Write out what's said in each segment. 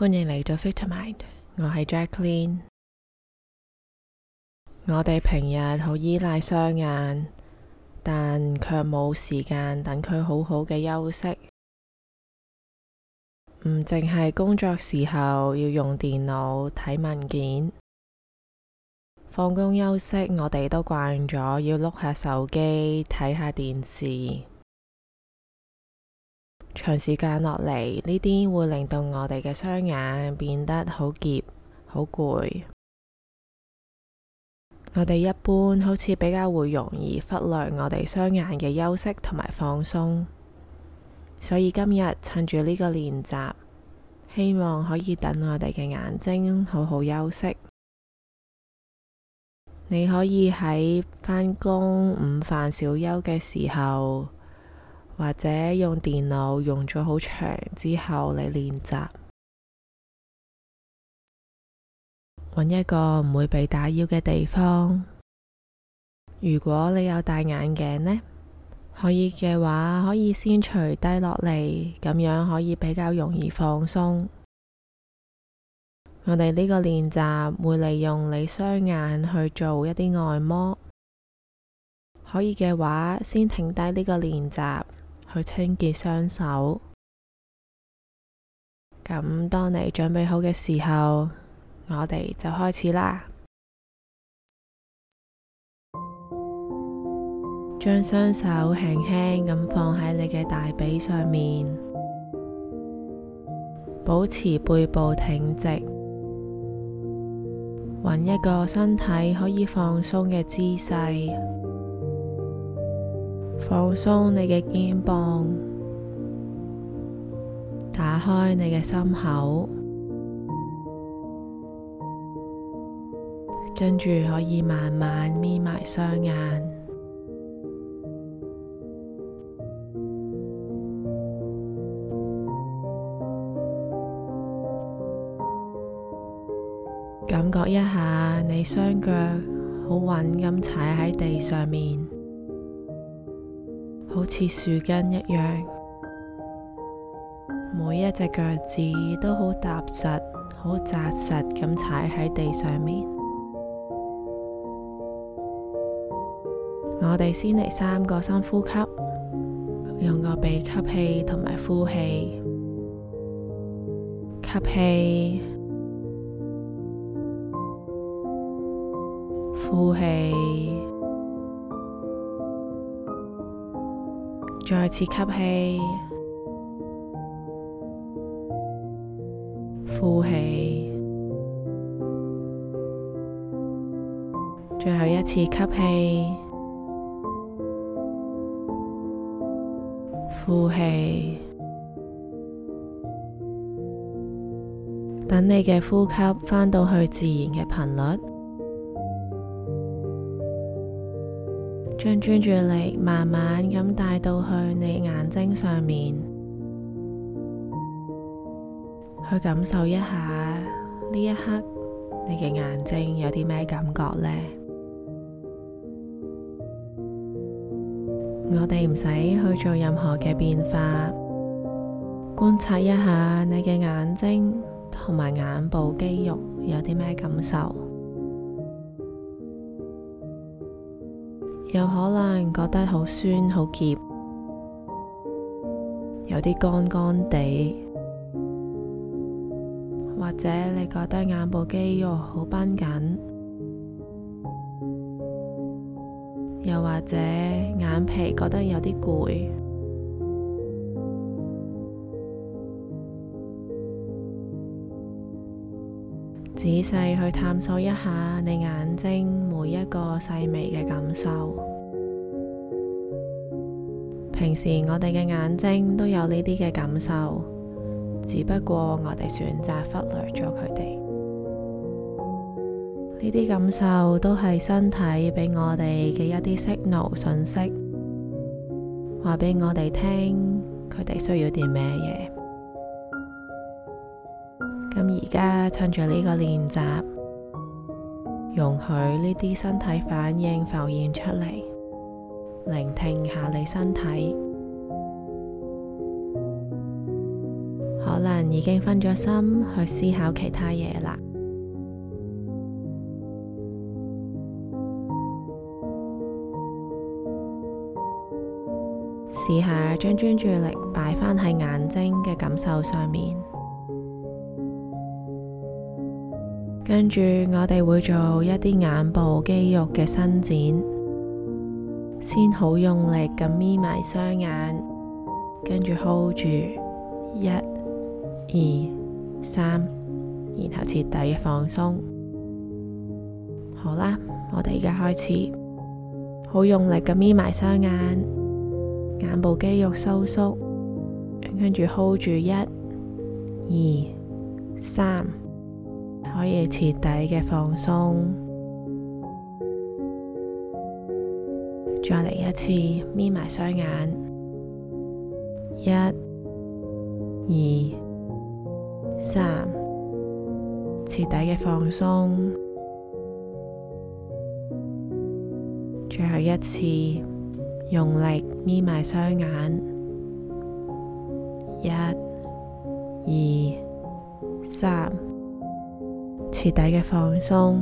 歡迎嚟到 Vitamind，我係 Jacklyn。我哋平日好依賴雙眼，但卻冇時間等佢好好嘅休息。唔淨係工作時候要用電腦睇文件，放工休息我哋都慣咗要碌下手機睇下電視。長時間落嚟，呢啲會令到我哋嘅雙眼變得好澀、好攰。我哋一般好似比較會容易忽略我哋雙眼嘅休息同埋放鬆，所以今日趁住呢個練習，希望可以等我哋嘅眼睛好好休息。你可以喺返工、午飯、小休嘅時候。或者用電腦用咗好長之後練習，嚟練習，揾一個唔會被打擾嘅地方。如果你有戴眼鏡呢，可以嘅話可以先除低落嚟，咁樣可以比較容易放鬆。我哋呢個練習會利用你雙眼去做一啲按摩，可以嘅話先停低呢個練習。去清潔雙手。咁當你準備好嘅時候，我哋就開始啦。將雙手輕輕咁放喺你嘅大髀上面，保持背部挺直，揾一個身體可以放鬆嘅姿勢。放鬆你嘅肩膀，打開你嘅心口，跟住可以慢慢眯埋雙眼，感覺一下你雙腳好穩咁踩喺地上面。好似樹根一樣，每一隻腳趾都好踏實、好扎實咁踩喺地上面。我哋先嚟三個深呼吸，用個鼻吸氣同埋呼氣，吸氣，呼氣。再次吸氣，呼氣，最後一次吸氣，呼氣。等你嘅呼吸返到去自然嘅頻率。將專注力慢慢咁帶到去你眼睛上面，去感受一下呢一刻你嘅眼睛有啲咩感覺呢？我哋唔使去做任何嘅變化，觀察一下你嘅眼睛同埋眼部肌肉有啲咩感受。有可能覺得好酸、好澀，有啲乾乾地，或者你覺得眼部肌肉好繃緊，又或者眼皮覺得有啲攰。仔細去探索一下你眼睛每一個細微嘅感受。平時我哋嘅眼睛都有呢啲嘅感受，只不過我哋選擇忽略咗佢哋。呢啲感受都係身體俾我哋嘅一啲 signal 訊息，話俾我哋聽，佢哋需要啲咩嘢。咁而家趁住呢個練習，容許呢啲身體反應浮現出嚟，聆聽下你身體，可能已經分咗心去思考其他嘢啦。試下將專注力擺返喺眼睛嘅感受上面。跟住我哋會做一啲眼部肌肉嘅伸展，先好用力咁眯埋雙眼，跟住 hold 住一、二、三，然後徹底嘅放鬆。好啦，我哋而家開始，好用力咁眯埋雙眼，眼部肌肉收縮，跟住 hold 住一、二、三。可以徹底嘅放鬆，再嚟一次，眯埋雙眼，一、二、三，徹底嘅放鬆，最後一次，用力眯埋雙眼，一、二、三。徹底嘅放鬆，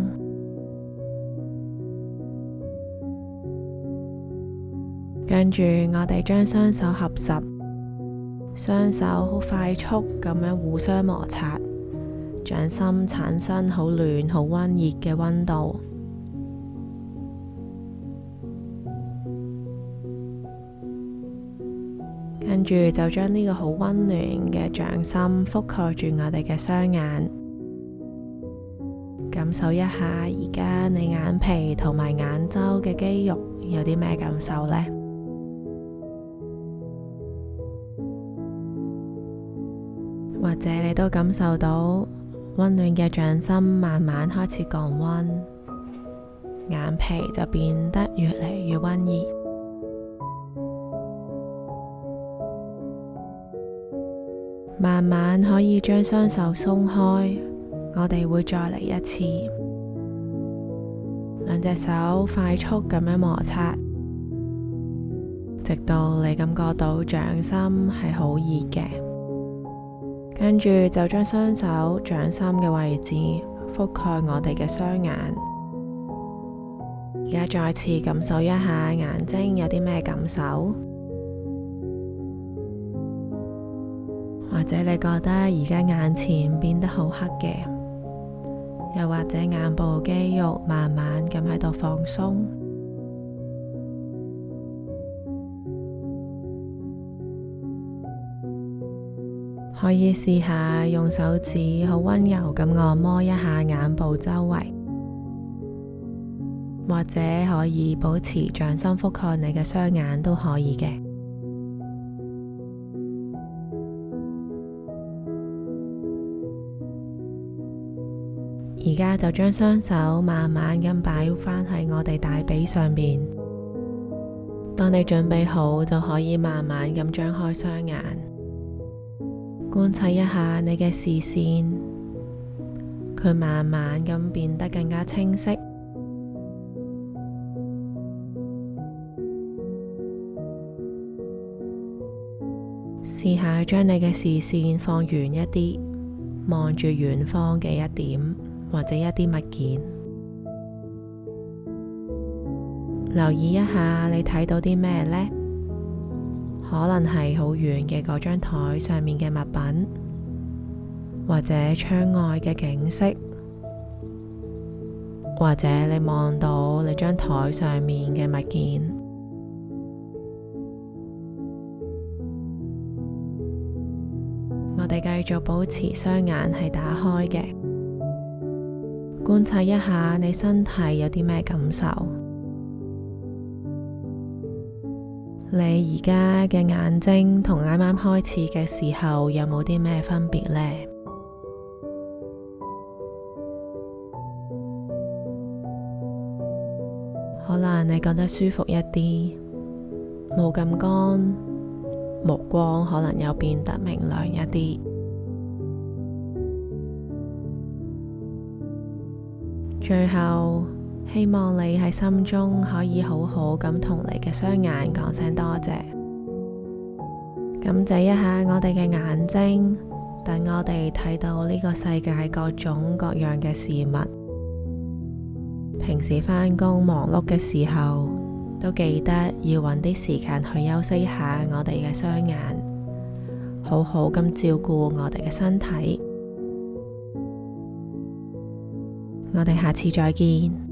跟住我哋將雙手合十，雙手好快速咁樣互相摩擦，掌心產生好暖、好溫熱嘅溫度，跟住就將呢個好溫暖嘅掌心覆蓋住我哋嘅雙眼。感受一下而家你眼皮同埋眼周嘅肌肉有啲咩感受咧？或者你都感受到溫暖嘅掌心慢慢開始降溫，眼皮就變得越嚟越溫熱。慢慢可以將雙手鬆開。我哋會再嚟一次，兩隻手快速咁樣摩擦，直到你感覺到掌心係好熱嘅，跟住就將雙手掌心嘅位置覆蓋我哋嘅雙眼。而家再次感受一下眼睛有啲咩感受，或者你覺得而家眼前變得好黑嘅？又或者眼部肌肉慢慢咁喺度放鬆，可以試下用手指好溫柔咁按摩一下眼部周圍，或者可以保持掌心覆蓋你嘅雙眼都可以嘅。而家就將雙手慢慢咁擺返喺我哋大髀上面。當你準備好，就可以慢慢咁張開雙眼，觀察一下你嘅視線，佢慢慢咁變得更加清晰。試下將你嘅視線放遠一啲，望住遠方嘅一點。或者一啲物件，留意一下你睇到啲咩呢？可能係好遠嘅嗰張台上面嘅物品，或者窗外嘅景色，或者你望到你張台上面嘅物件。我哋繼續保持雙眼係打開嘅。觀察一下你身體有啲咩感受？你而家嘅眼睛同啱啱開始嘅時候有冇啲咩分別呢？可能你覺得舒服一啲，冇咁乾，目光可能又變得明亮一啲。最後，希望你喺心中可以好好咁同你嘅雙眼講聲多謝。感謝一下我哋嘅眼睛，等我哋睇到呢個世界各種各樣嘅事物。平時返工忙碌嘅時候，都記得要搵啲時間去休息一下我哋嘅雙眼，好好咁照顧我哋嘅身體。我哋下次再見。